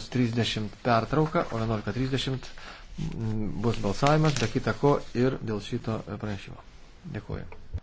11.30 pertrauka, o 11.30 bus balsavimas, be kita ko ir dėl šito pranešimo. Dėkuoju.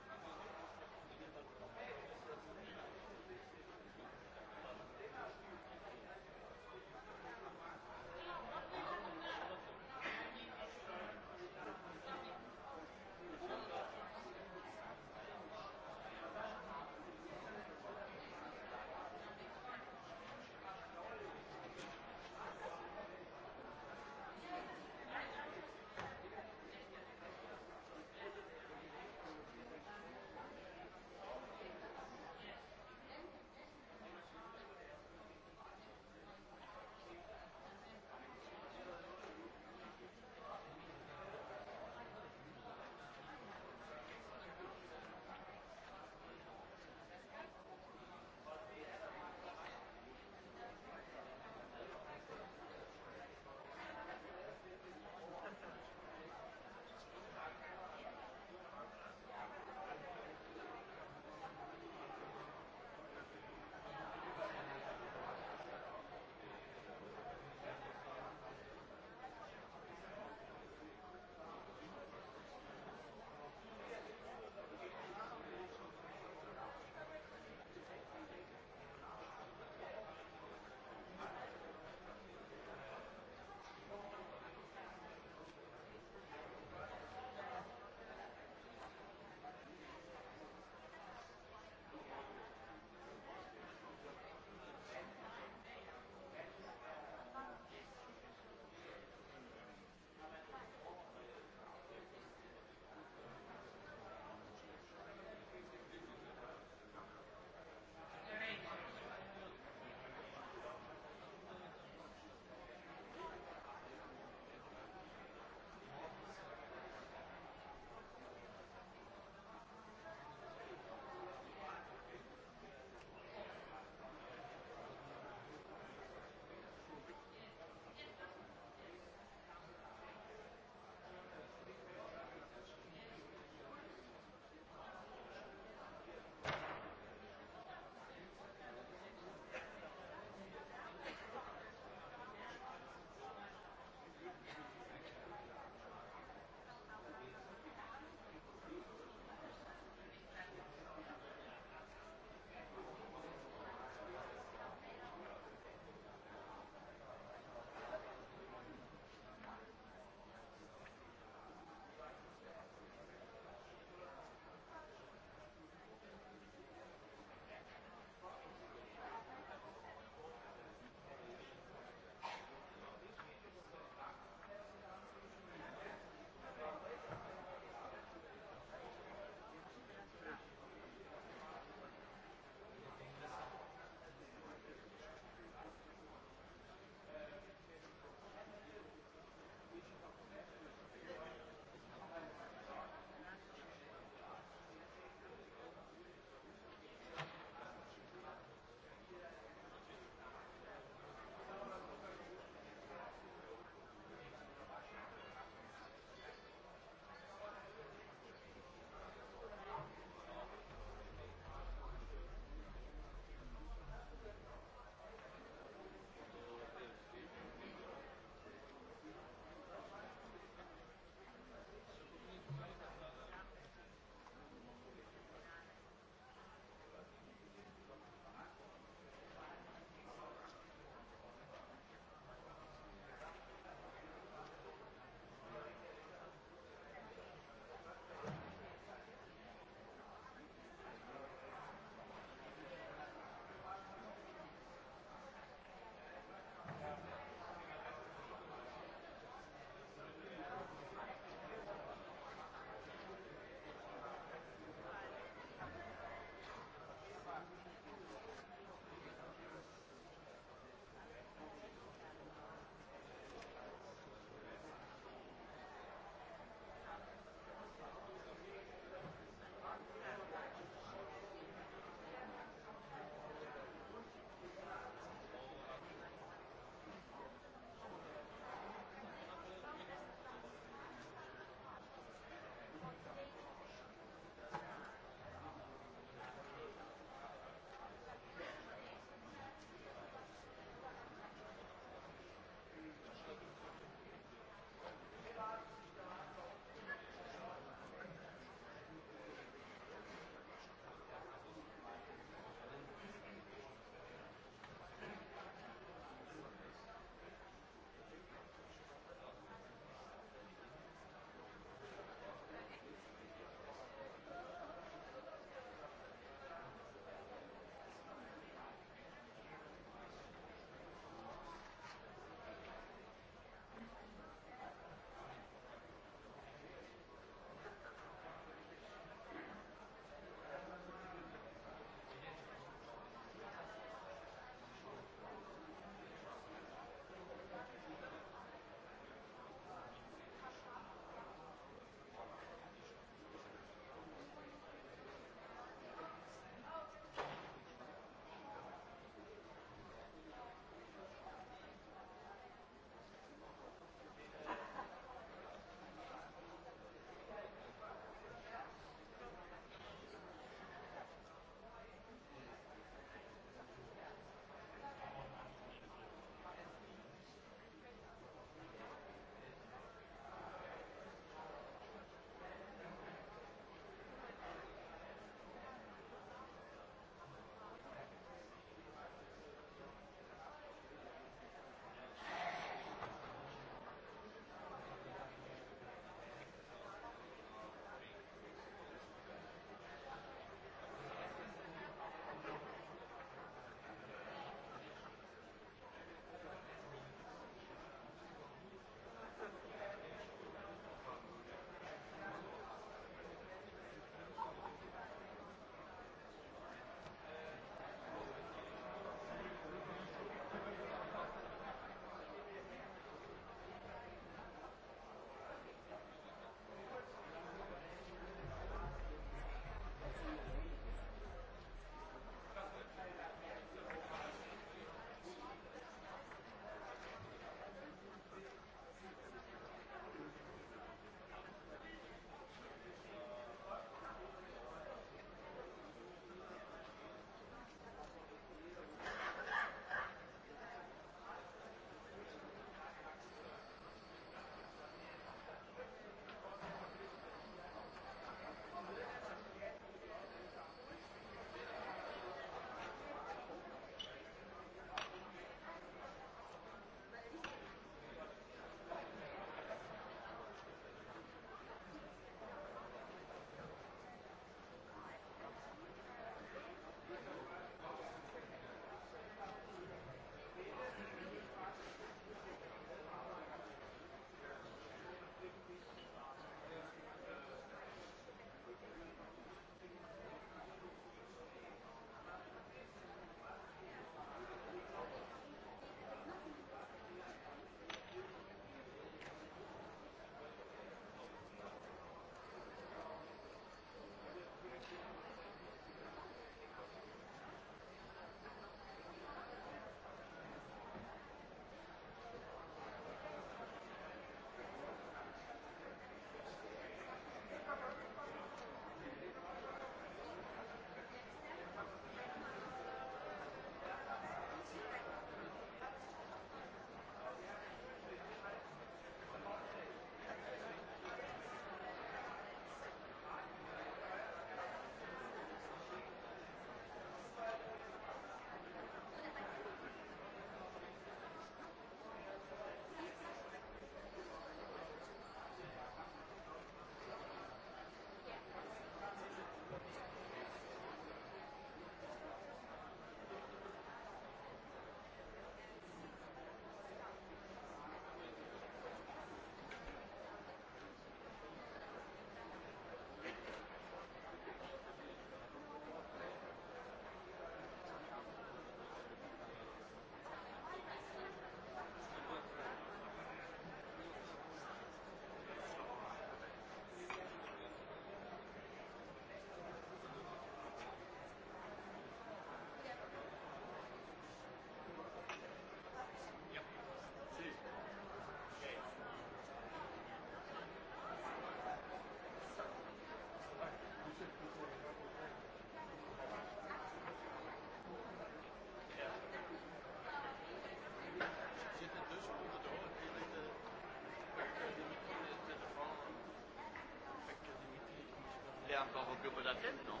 que Belatel, non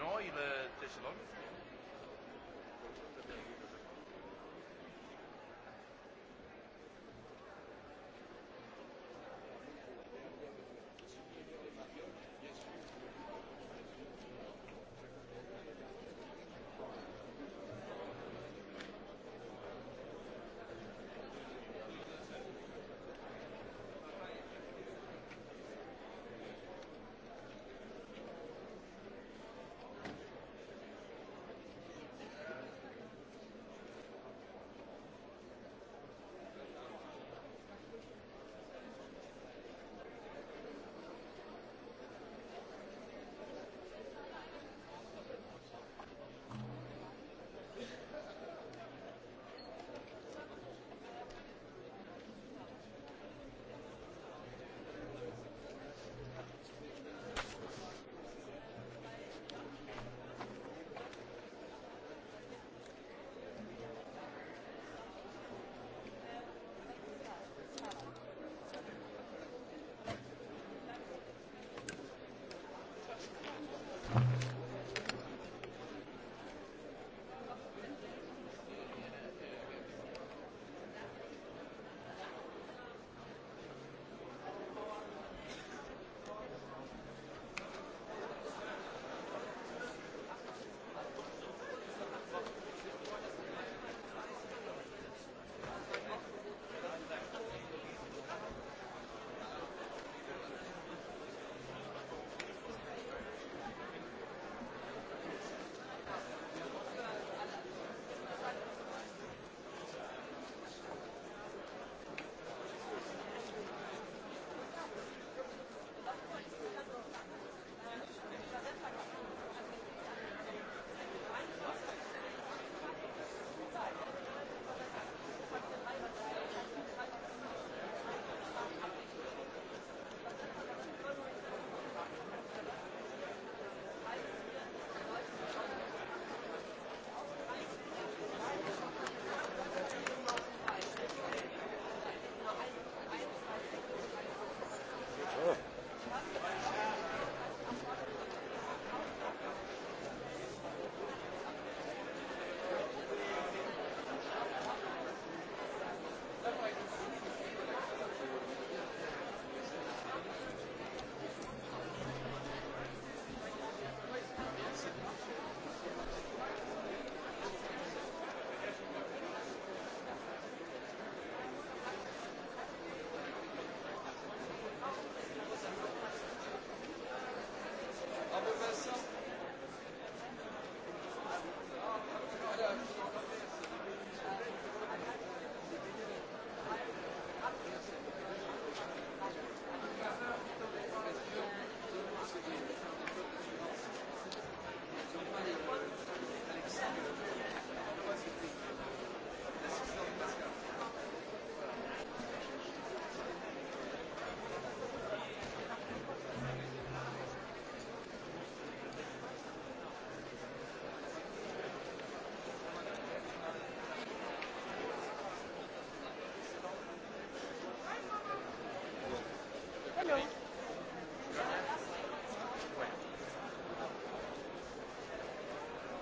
Non, il est Thessalonique.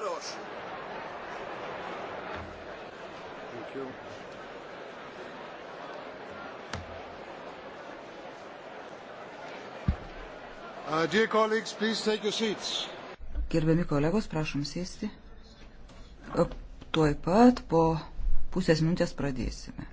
Grosch. Thank you. Uh, dear colleagues, please take your seats. Gerbiami kolegos, prašom sėsti. Uh, tuoj pat po pusės minutės pradėsime.